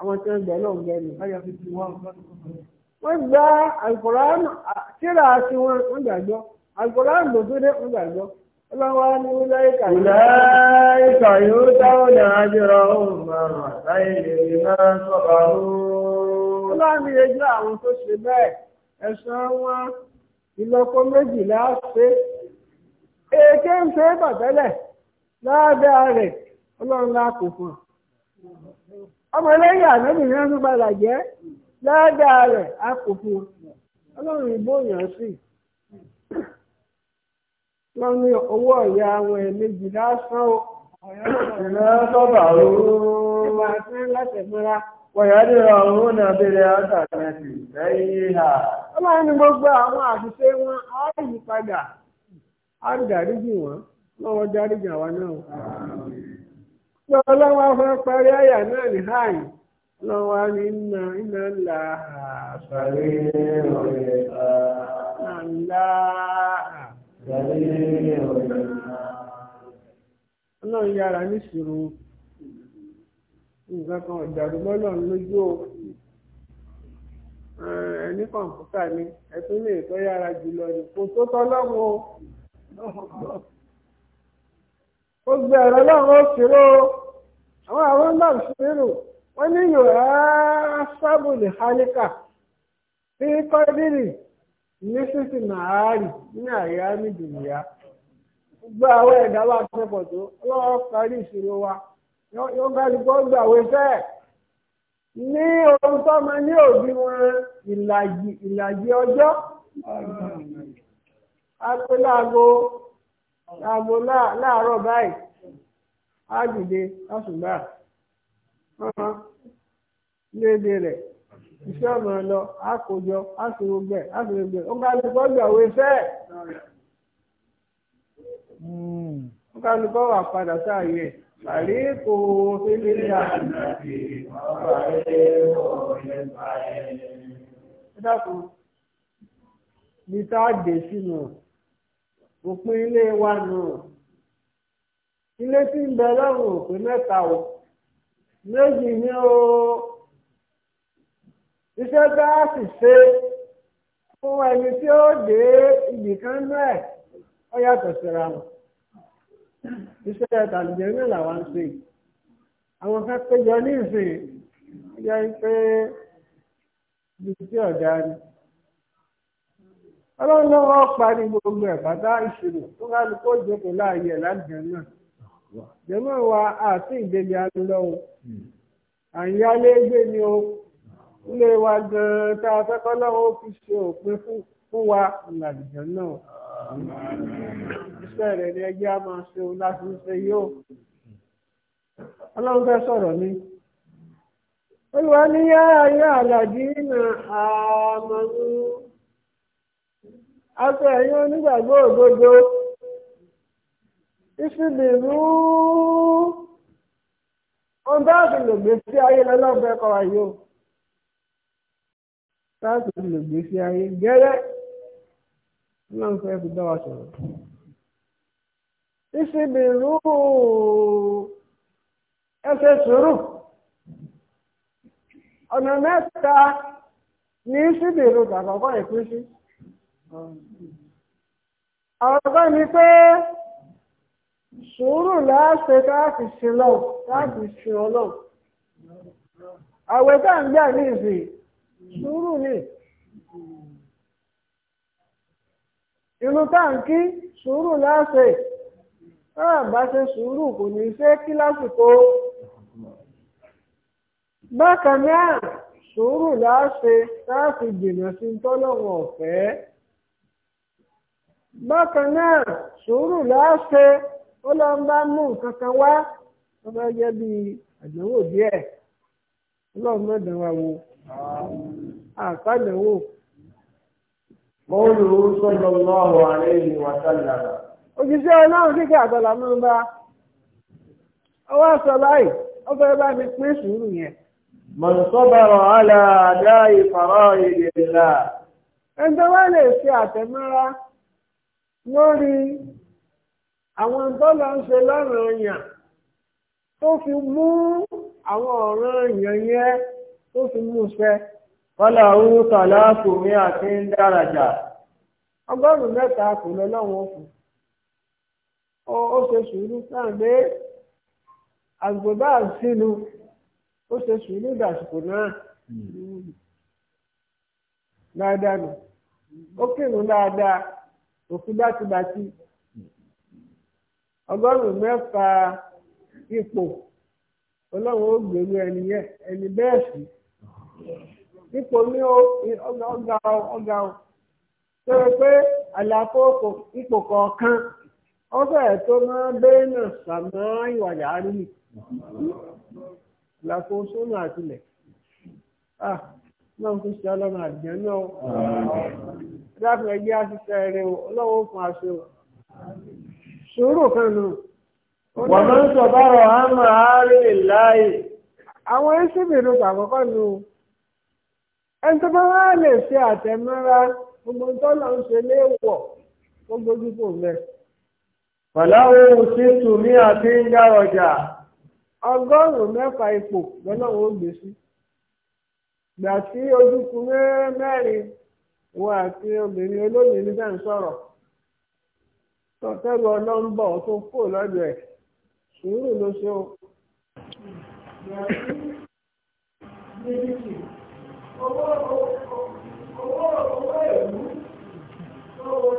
C: àwọn tí wọ́n gbẹ náà gbẹ nù. wọ́n gba alukoran tíra tí wọ́n gbàgbọ́ alukoran ló tó dé wọ́n gbàgbọ́. Ọlọ́wọ́ ní Láìka yóò. Láìka yóò táwọn ní àjọrọ̀ òun
D: máa
A: láì lè máa sọ̀rọ̀ òun.
C: Ọlọ́run èké ń ṣe bàtẹ́lẹ̀ láàdá rẹ̀ ọlọ́run lákòókò. ọmọ ẹlẹ́yìn ànábì padà jẹ́ rẹ̀ ọlọ́run ìbò sí wọ́n ní owó ọ̀yà àwọn ẹ̀mejì lásán o ìná sọ́bà ooo ìgbà tí wọ́n láti múra. Wọ̀nyáde ọ̀run ó Ọlọ́run àwọn wọn wọn, Ṣé ọlọ́wọ́ afẹ́ parí àyà náà ní háì? Ọlọ́wọ́ ní iná iná ńlá àṣàrí ọ̀rẹ́ ńlá àṣàrí ọ̀rẹ́ ńlá. Ọlọ́run yára níṣirò nǹkan kan ọ̀dàrúgbọ́ lójú o. Ẹni kọ̀ǹpútà ni ẹ̀tún lè tọ́ yára jùlọ ní kò tó tọ́ lọ́wọ́ gbogbo ẹ̀rọ lọ́run ó àwọn àwọn náà ṣòro wọ́n ní sábùlì hálíkà tí kọ́dírì nàárì ní àwọn ẹ̀dá wà tó parí wa yóò ní ohun tó máa ní òbí wọn ìlàjì ọjọ́ aago láàárọ̀ báyìí á a léde rẹ̀ iṣẹ́ ọ̀nà lọ àkójọ àṣìrògbẹ̀ àṣìrògbẹ̀ ó gbàwé fẹ́ hmm. ó wà padà sáàyè pàrí kò fi lè ní àṣìṣe ní tá dé sínú. òpin ilé wa nù ilé tí ń bẹ lọ́rùn òpin mẹ́ta o méjì ni o iṣẹ́ tá a sì ṣe fún ẹni tí ó dé ibìkan náà ó yàtọ̀ síra wọn iṣẹ́ tàlùjẹ́ náà làwọn ń ṣe àwọn kan péjọ ní ìsìn ó jẹ́ pé ibi tí ọ̀dà ni ọlọ́run náà wọ́n parí gbogbo ẹ̀ bàtà ìṣirò tó kálukó jókòó láàyè lájẹun náà jẹ́mọ́ wa àti ìdèlè alọ́wọ́ àyálé gbé ni o ilé wa gan-an tá a fẹ́kọ́ lọ́wọ́ ó fi ṣe òpin fún wa ìlàjẹ̀ náà iṣẹ́ rẹ̀ ni ẹgbẹ́ a máa ṣe o láti ṣe yóò ọlọ́run fẹ́ sọ̀rọ̀ ni olùwà ní yá àlàjì náà àmọ́ àti ẹ̀yin onígbàgbọ́ òdodo ìfìbìrú ohun tó àti lè gbé sí ayé lọ́lọ́fẹ́ kọ́ wa yóò láti lè gbé sí ayé gẹ́gẹ́ lọ́nfẹ́ fi dá wa sọ̀rọ̀ ìfìbìrú ẹsẹ̀ sùúrù ọ̀nà mẹ́ta ní síbìrú tàkọ́kọ́ ìpín sí. ọ̀rọ̀ ni pé sùúrù láàṣẹ káàkì sí lọ káàkì sí ọlọ́run àwẹ̀ tá à ń gbà ní ìsìn sùúrù ni irun tá à ń kí sùúrù láàṣẹ náà bá ṣe sùúrù kò ní ṣe kí lásìkò bákan náà sùúrù láàṣẹ káàkì jìnnà sí tọ́lọ́run ọ̀fẹ́. bákan náà sùúrù láàṣẹ ó lọ ń bá mú nǹkan kan wá wọ́n bá jẹ́ bí àdánwò díẹ̀ ọlọ́run má dán wa wò àpàdánwò. mọ́wúlù sallallahu alaihi wa sallam. òṣìṣẹ́ ọlọ́run kíkẹ́ àtàlà máa ń bá ọwọ́ ọ bụrụ ó fẹ́ bá mi pín sùúrù yẹn. ala lè ṣe àtẹ̀mọ́ra. lórí àwọn tọ́lá ń ṣe lọ́rùn ọ̀yàn tó fi mú àwọn ọ̀ràn ọ̀yàn yẹn tó fi mú ṣẹ. Kọ́lá orúkọ tàlá kò ní àti ń dárajà. Ọgọ́rùn-ún mẹ́ta kò lọ lọ́wọ́ fún. Ó ṣe sùúrù náà dé àgbòdà sínú. Ó ṣe sùúrù dàsìkò náà. Hmm. Dáadáa nù. Ó òkú bátibàti ọgọ́rùn-ún mẹ́fà ipò ọlọ́run ó gbèrú ẹni yẹn ẹni bẹ́ẹ̀ ipò ní ọgá ọgá ọ pé àlàfo ipò kọ̀ọ̀kan ó fẹ́ẹ̀ tó máa sàmọ́ sónà àtìlẹ̀ ah náà dákùn ẹgbẹ́ àṣìṣẹ́ rẹ̀ ọlọ́wọ́ fún aṣọ sùúrù kan nù. wọ́n máa ń sọ̀bárọ̀ àmà àárín ìláyè. àwọn ẹ̀ṣìbìrì pàkọ́kọ́ nù. ẹni tó bá wá lè ṣe àtẹ̀mọ́ra gbogbo tó lọ ń ṣe léèwọ̀ ó gbójú ọjà. ọgọ́rùn-ún mẹ́fà ipò lọ́nà gbà sí ojúkùn mẹ́rin ìwọ àti obìnrin olóyìn nígbà ń sọ̀rọ̀ tọ́tẹ́rù ọlọ́ńbọ̀ tó kò lọ́dọ̀ ẹ̀ sùúrù ló ṣe o.
B: owó owó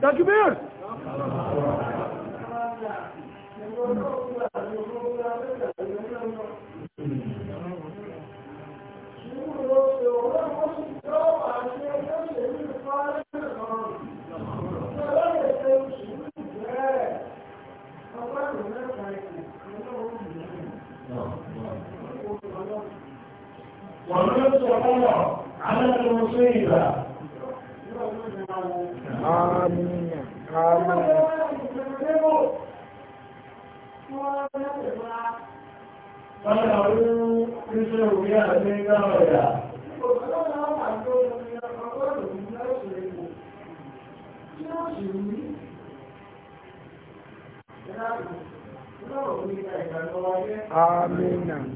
B: Takbir! Takbir! ومن صبر على المصيبة آمين آمين فله مثل يأتي غيره Amém.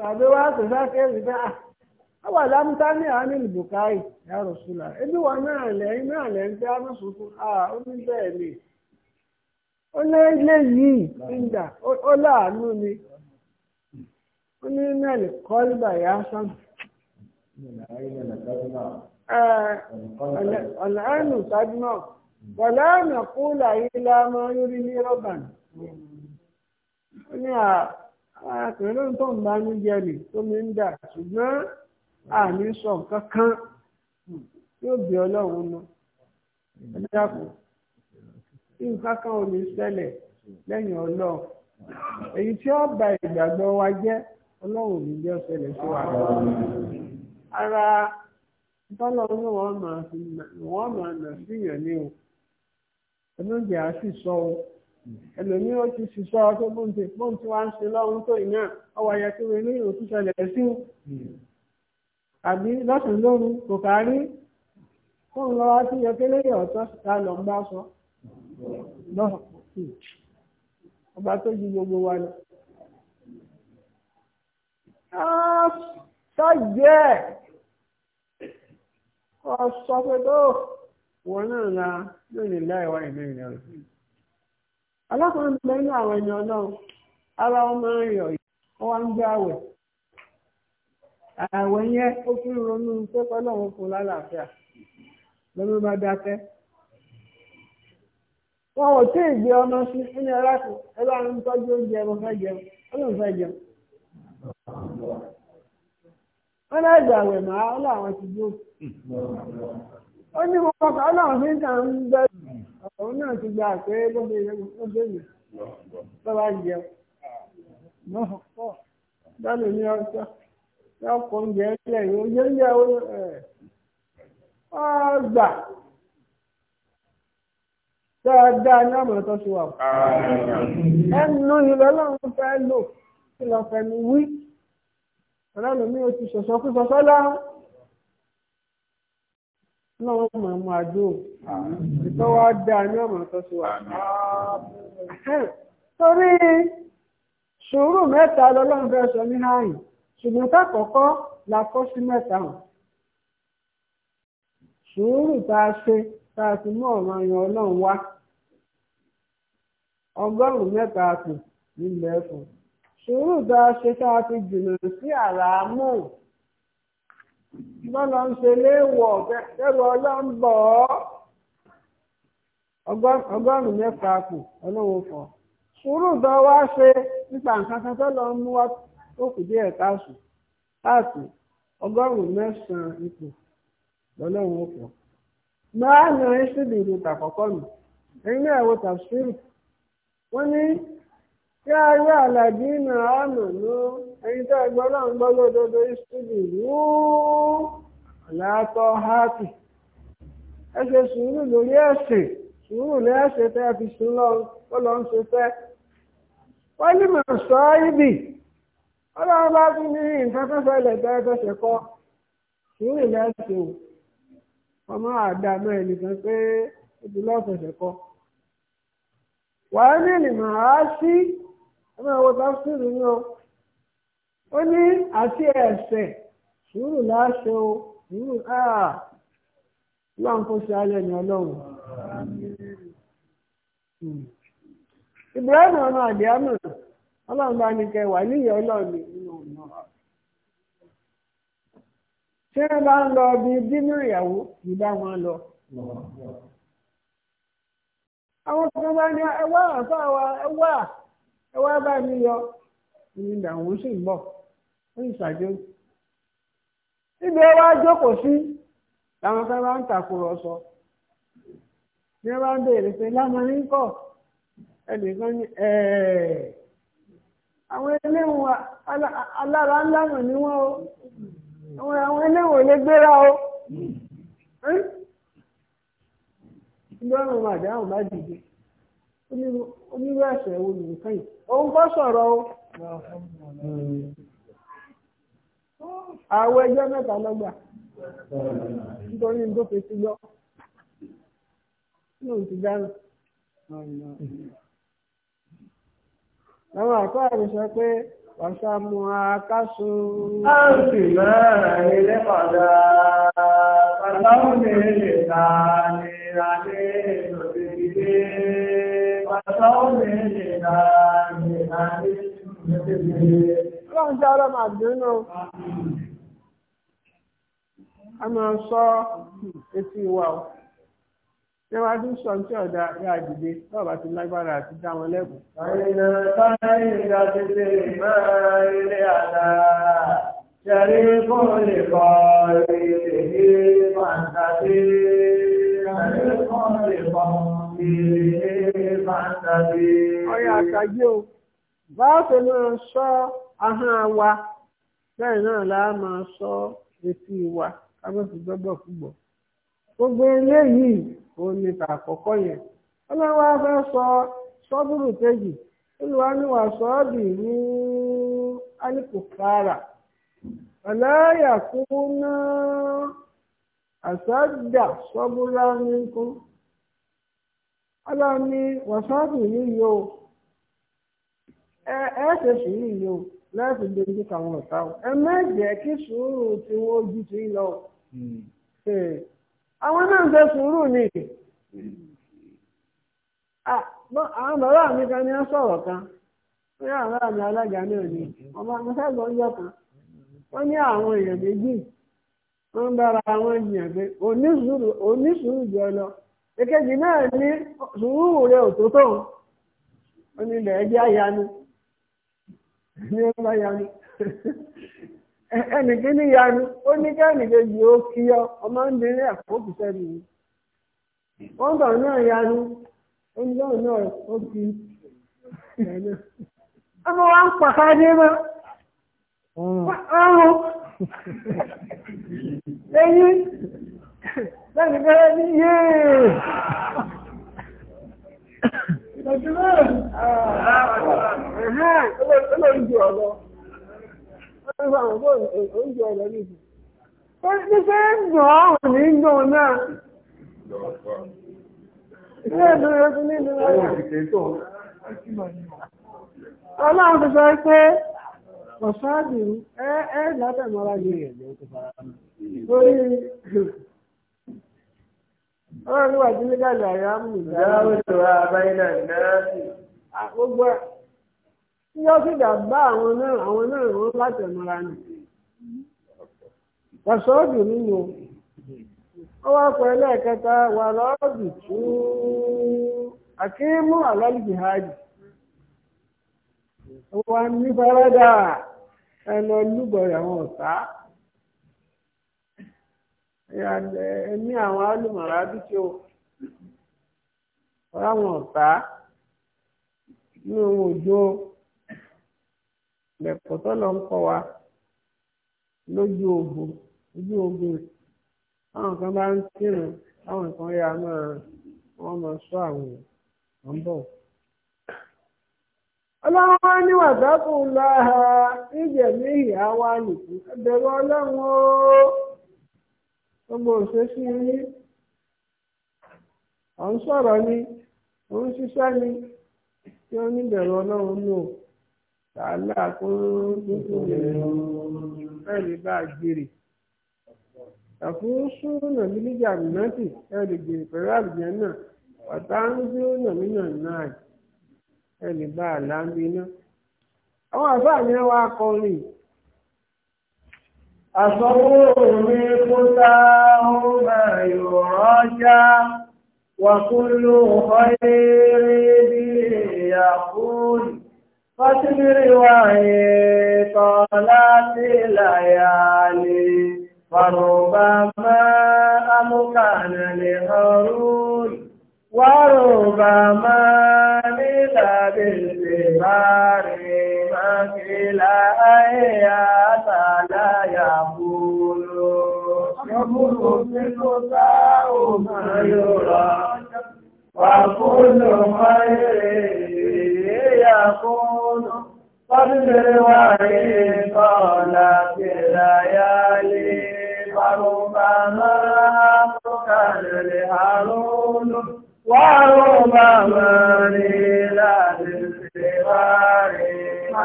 C: tàbí wá sọ̀sáké rí bá àwà lámúta ní àánú ìbùkáì ya Rasulullah ebi wọn náà lẹ̀ náà lẹ̀ ń tẹ́ ánà sọ̀tún à ó ní ni ó ní ilé yìí ìgbà ó láàánú ni ó ní mẹ́lì kọ́líbà yá sán. ọ̀nà àánú sáájú kúlà yìí lámọ́ ní rọ́bà ni àkàrẹ́ lóun tó ń bá ní jẹ nì tó mi ń dà ṣùgbọ́n àmì sọ nǹkan yóò bí ọlọ́run nu ẹ̀dá nǹkan kan ò ní ṣẹlẹ̀ lẹ́yìn ọlọ́run èyí tí ó ba ìgbàgbọ́ wa jẹ́ ọlọ́run ò ní jẹ́ ara máa nà o sì sọ ẹlòmí ó ti ṣiṣọ́ tó bóńtì bóńtì wá ń ṣe lọ́run tó ìyá ọwọ́ ayẹ tó wẹ̀lú ìrò tó ṣẹlẹ̀ sí i àbí lọ́sùn lóru kò kárí tóun lọ́wọ́ tí yẹ kélé ọ̀tọ́ ta lọ ń bá sọ ọba tó ju gbogbo wa lọ. sọ́jẹ́ ọ̀sọ́ pé náà la lónìí láìwá ìlú ìlú ọlọ́kùnrin bẹ nínú àwọn ẹni ọlọ́run ara ọmọ rẹ̀ ọ̀yọ́ ó wá ń gbé àwẹ̀ àwẹ̀ yẹn ó fi ronú pé kọ́lọ́run fún lálàáfíà lọ́mọ bá dákẹ́ wọn ò tí ì gbé ọmọ sí nínú tọ́jú oúnjẹ fẹ́ jẹun fẹ́ jẹun náà àwẹ̀ ti ó ní mo òun náà ti gba àpé lóde lóde yìí
B: lọ́wọ́
C: jẹ náà pọ̀ dáàbò ní ọjọ́ yóò kó oúnjẹ ẹlẹ́ yìí oúnjẹ ń yẹ ọ gbà dáadáa ní àmọ̀ràn tó wà fún ẹnu ìlọ́lọ́run fẹ́ lò kí lọ́ọ́ fẹ́ mi wí ọlọ́run mi ò ti ṣọ̀ṣọ́ fún ṣọṣọ́ láwọn lọ́wọ́ máa mú adó ìtọ́ wá dáa ní ọ̀mọ̀ tó ti wà. torí sùúrù mẹ́ta lọ́lọ́run fẹ́ sọ ní hàyìn ṣùgbọ́n tákọ̀ọ́kọ́ la kọ́ sí mẹ́ta hàn. sùúrù tá a ṣe tá a ti mú ọ̀rọ̀ yan ọlọ́run wá ọgọ́rùn-ún mẹ́ta kù nílẹ̀ fún sùúrù tá a ṣe tá a ti jìnnà sí àràámọ̀. lọ́lọ́ ń ṣe léèwọ̀ ẹrù ọlọ́ǹbọ̀ ọgọ́rùn-ún mẹ́fà kù ọlọ́wọ́ fọ́ sùúrù tó wá ṣe nípa nǹkan kan tó lọ mú wá tó kù díẹ̀ káàsù káàsù ọgọ́rùn nù ẹ̀yin náà tàṣírù wọ́n ní kí a àlàdí náà ẹni tó ẹgbẹ́ ọlọ́run gbọ́ lódodo ìṣúdì wú ọ̀làtọ̀ hápì sùúrù lórí ẹ̀sìn sùúrù lẹ́ẹ̀ṣẹ̀ tẹ́ ẹ fi sùn lọ ó lọ ń ṣe wọ́n ní mà sọ ọ́ ibì ọlọ́run bá tún ní nǹkan fẹ́lẹ̀ tẹ́ ẹ fẹsẹ̀ kọ́ sùúrù ó ní àti ẹ̀ṣẹ̀ sùúrù láṣọ sùúrù áà láwọn kó ṣe alẹ́ ní ọlọ́run. Hmm. Ibrahim ọmọ àdìámọ̀ ọlọ́run bá ní kẹwà níyẹ̀ ọlọ́run nínú ọ̀nà. Ṣé lọ bí ìyàwó kì í bá wọn lọ? Àwọn kan bá ní ẹwà àfáà wa ẹwà ẹwà bá ó sì ṣàdéhùn níbi ẹ wá jókòó sí làwọn kan bá ń tàkùrọ̀sọ ní ẹ ń béèrè pé lámọrí ń kọ ẹnìkan ní àwọn eléwọ̀n alára ńlá mọ̀ ní o àwọn lè gbéra o ọ̀run bá dìde onírú ẹ̀sẹ̀ wo nìkan yìí òun kọ́ sọ̀rọ̀ àwọn ẹjọ́ mẹ́ta lọ́gbà nítorí ní tó fi sí gbọ́ nínú ti dáná. àwọn àkọ́ àrùn sọ pé wàṣà mu akáṣu. a ń sì máa ilé padà pàtàkùn ní lè ta ní alẹ́ lòdì ìdílé pàtàkùn ní lè ta ní alẹ́ lòdì ìdílé ọlọ́run jẹ́ ọlọ́run àdúnú a máa sọ etí wa o ní wàá tún sọ ní ọ̀dà yá àdìde báwo bá ti lágbára àti dá wọn lẹ́kùn. àìnà táyì ìdàgbèsè máa ilé àdá ṣẹ̀rí kó lè kọ ìrèké pàtàkì ṣẹ̀rí kó lè kọ ìrèké pàtàkì. ọyọ àtàgé o báwo ṣe máa sọ. Aha wa bẹ́ẹ̀ náà la máa sọ etí wa ká fi gbọ́gbọ́ kúgbọ́ gbogbo eléyìí òun ni tàkọ́kọ́ yẹn ọlọ́run fẹ́ sọ sọ́bùrù kejì olùwàníwà teji ní alikùkára ọ̀láyà kún àsọ́jà sọ́bùrà ni wàsọ́ọ̀bì yìí yóò ẹ ṣe yìí láti lè ní káwọn ọ̀tá o ẹ má jẹ́ kí sùúrù tí wọ́n ojú ti ń lọ hmm. àwọn náà ń fẹ́ sùúrù ni àwọn bàbá mi kan ní sọ̀rọ̀ kan pé àwọn bàbá mi alága náà ni ọmọ amúṣàgbọ́n ń yọ̀ kan wọ́n ní àwọn èèyàn méjì wọ́n ń bára wọn jiyàn pé onísùúrù jọ lọ èkejì náà ní sùúrù rẹ̀ òtótó onílẹ̀ ẹgbẹ́ àyánu. ní ya bá yanu ẹnìkí ya yanu ó ní kẹ́nìkejì ó kí ọ ọmọ ń dín ní àkókò sẹ́nu wọ́n bọ̀ náà yanu ó ní náà ó kí ọmọ wa ń pàkádé mọ́ ọrùn eyín lẹ́yìn bẹ́ẹ̀ yéé. Olóòjì ọ̀lọ́. Olóòjì ọ̀lọ́ ní ìsìn. Ó ti fẹ́ dùn ọ̀hún ní ìgbọ̀n náà. Ilé ìdúró tún ní ìdúró náà. Ọlọ́run ti sọ pé ọ̀ṣáàdì ẹ́ látàmọ́ra yìí rẹ̀ ló ti fara mọ́. ọlọ́run wà sí nígbàlẹ̀ àyàmù ìdáwòtò àbáyínà náàsì. gbogbo yíyọ sídà bá àwọn náà àwọn náà wọn látẹnura nù. nínú ó wá pọ̀ ẹlẹ́ẹ̀kẹta wà lọ́ọ̀dù hajj. ní àwọn ọ̀tá. ní uh, àwọn alùmọ̀rá dúkìá o ọ̀làwọn ọ̀tá ní ohun òjò lẹ̀kọ́ tó ń kọ́ wa lójú ogun ojú ogun àwọn kan bá ń kírun àwọn kan yà máa wọ́n máa sọ àwọn ọ̀n bọ̀. ní wa nìkú ọlọ́run ó. gbogbo òṣèṣì yín à ń sọ̀rọ̀ ni ò ń ṣiṣẹ́ ni tí ó níbẹ̀rù ọlọ́run lò tààlà kó dúdú rẹ̀ fẹ́ẹ̀lì bá a gbèrè àfúnṣú mìíràn gbèrè pẹ̀lú náà ń bí ó náà bá a láńbí náà àwọn mi kọrin أصبوا ميقتاهم يراجع وكل خير به يقول فاصبر وهي طالت الليالي فربما أمكن لهارون وربما نلى بالكبار إلى أيات لا يقول يقول بالقطاع خيرا وكل خير يقول قبل وإن طالت الليالي فربما تكل الهرول وربما ليلة الصغار O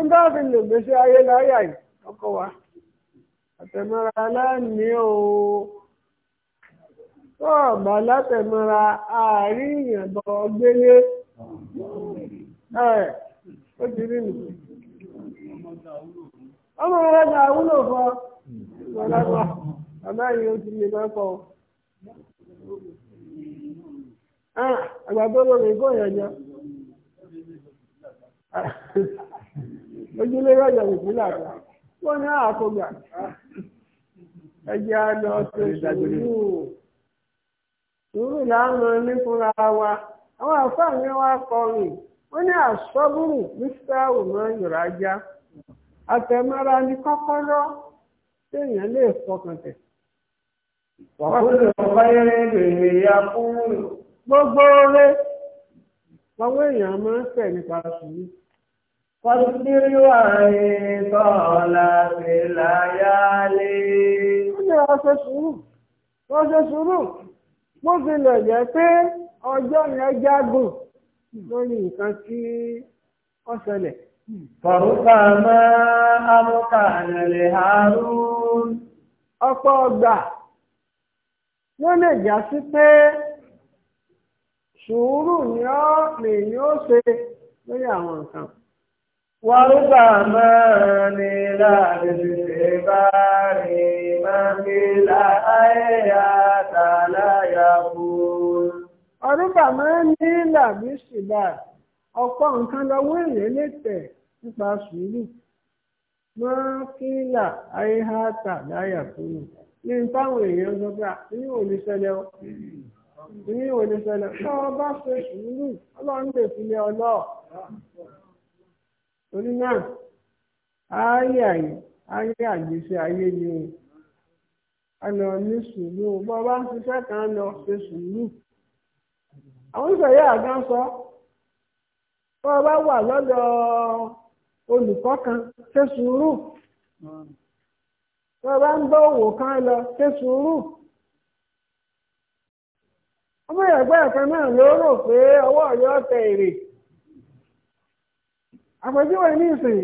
C: ń dáàbí lè gbèsè ayé láyà yìí, ọkọ wa. Àtẹ̀mọ́ra aláìní o. Tọ́ọ̀bà látẹ̀mọ́ra àárín ìyànbọ̀ gbélé. Ẹ̀ ó ti rí nù. Ọmọ rẹ̀ gbà wúlò fọ́. Bàbá yìí ó ti lè máa Ah, àgbàdo lórí ìgò yẹn jẹ ojúlé rọjò kùkú làbà wọn ní àkọgbà ẹjẹ àná ṣe sùúrù sùúrù láwọn ní fúnra wa àwọn àfáà mi kọrin wọn ní àṣọbùrù mr woman yorùbá já àtẹ̀mọ́ra ni kọ́kọ́rọ́ téèyàn lè fọkàn tẹ̀. ọ̀bá yẹn lè yà kúrò. gbogbo oore àwọn èèyàn máa ń fẹ̀ nípa sùúrù. Fọ́sílú àárín tọ́ọ̀lá sí láyálé. Ó ní ọ̀sẹ̀ sùúrù, ọ̀sẹ̀ sùúrù, mo fi lè jẹ́ pé ọjọ́ yẹn jágùn lórí nǹkan tí ó ṣẹlẹ̀. Fọ̀rúkà máa amúkà nílẹ̀ àrùn. Ọ̀pọ̀ ọgbà ló lè já pé. sùúrù ni ó lèyìn ó ṣe lórí àwọn nǹkan. wọ́n ń gbà máa ní bá rí máa ń gbé láàyè àtàláyà kú. ọ̀rúbà máa ní làbí ṣìlá ọ̀pọ̀ nǹkan lọ́wọ́ èlé lè tẹ̀ nípa sùúrù. máa là ní èèyàn àti ní òní ọ́. ní ìwòlè ṣẹlẹ̀ tó o bá ṣe sùúrù ọlọ́run lè fi torí náà ayé àyè ayé àgbèsè ayé ni o a lọ ní sùúrù o bá bá ń ṣiṣẹ́ kan lọ ṣe sùúrù. àwọn ìṣẹ̀yẹ àgbà sọ kan ṣe sùúrù tó o bá ń òwò ọmọ ẹgbẹ́ ẹ̀fẹ́ náà ló rò pé ọwọ́ rẹ̀ ọ̀tẹ̀ èrè àpèjúwe ní ìsìn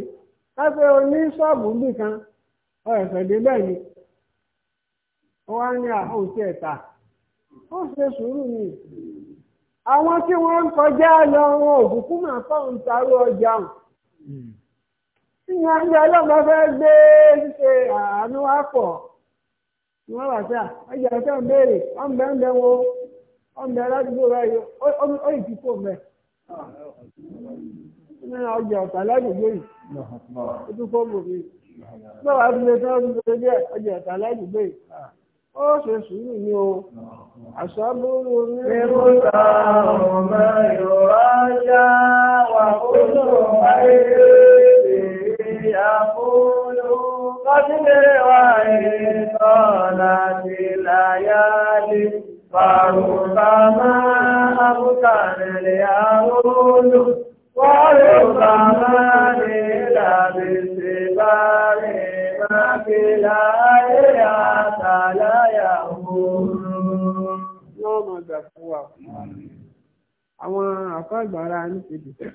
C: láti oní ṣọ́ọ̀bù nìkan ọ̀ẹ̀fẹ̀ débẹ̀ ni wọ́n wá ní ẹ̀ta ó ṣe sùúrù ni àwọn tí wọ́n ń kọjá lọ wọn òkùnkùn máa fọ́n tarú ọjà hàn ìyẹn ní fẹ́ gbé ṣíṣe àánú ni wọ́n à ọjà ń béèrè wọ́n ọmọ ẹ ládùúgbò rẹ yìí ó ti kó mẹ ní ọjà ọ̀tà ládùúgbò yìí ó tún kó ọjọọ mi náà wàá fi lè ọjà ọ̀tà yìí ó ṣe sùúrù o àṣàbùrù ní. فربما أبكر اليهود وربما ليلى بالسبار مكلاي أتى يهود Lọ́mọ gbà fún wa. Àwọn àfáàgbàrá ní ṣe dìtẹ̀.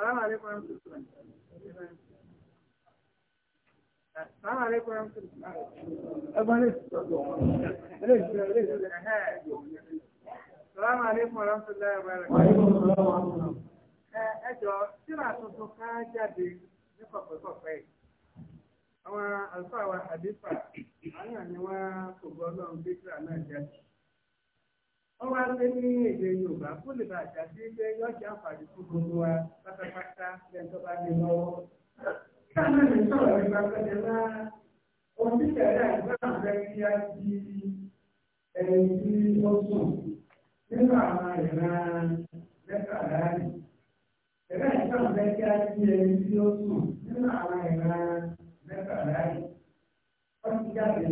C: السلام عليكم ورحمة الله السلام عليكم ورحمة الله وبركاته. وعليكم السلام ورحمة الله. Ẹ jọ̀ọ́ síra tuntun ká jáde ní kọ̀pẹ́kọ̀pẹ́ yìí. Àwọn àlùfáà wa àdìfà, àwọn àni kò gbọ́dọ̀ ń gbé náà jáde. ọnwa wá gbé ní èdè yorùbá kó lè bàjá sí pé yọ̀ọ̀ṣì àǹfààní fún gbogbo wa pátápátá lẹ́yìn tó bá dé lọ́wọ́. sáà mi sọ̀rọ̀ nípa nínú àwọn kí á ó nínú àwọn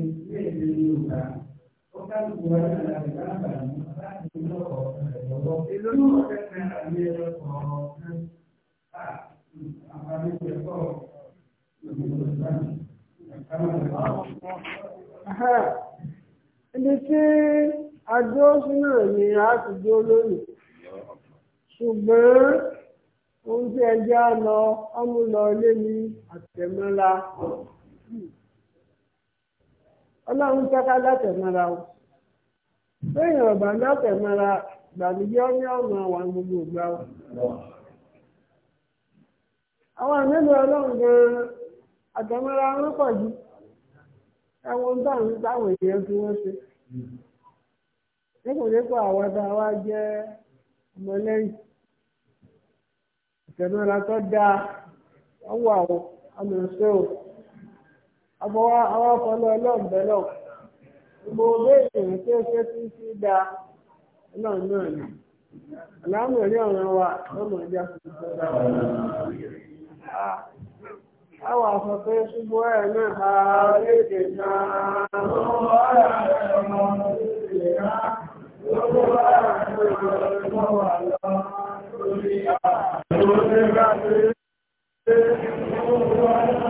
A: ní èdè yorùbá ó Ibi
C: tí adó sínú ni a ti dó lónìí. Ṣùgbọ́n ohun tí ẹjẹ́ á lọ, ọmú lọ lé ní àtẹ̀mọ́ra. Ọlọ́run tẹ́ká látẹ̀mọ́ra o. lẹ́yìn ọ̀gbà lọ́kẹ̀ mẹ́ra gbàdúgbò ní ọ̀nà àwọn gbogbo ìgbà wa. àwọn ọlọ́run gan-an wọn pọ̀ jù táwọn èèyàn fi wọ́n ṣe. àwọn a wá jẹ́ ọmọlẹ́yìn àtẹ̀mẹ́ra tó dáa ọwọ́ ọmọ ìṣòro àwọn gbogbo èèyàn tí ó ṣe tí sí da ọlọ́run náà ni àlámọ̀ ní ọ̀ràn wa lọ́nà ìjà fún ìjọba a wà sọ pé a léde náà lọ́wọ́ ara
B: rẹ̀ ọmọ ìlera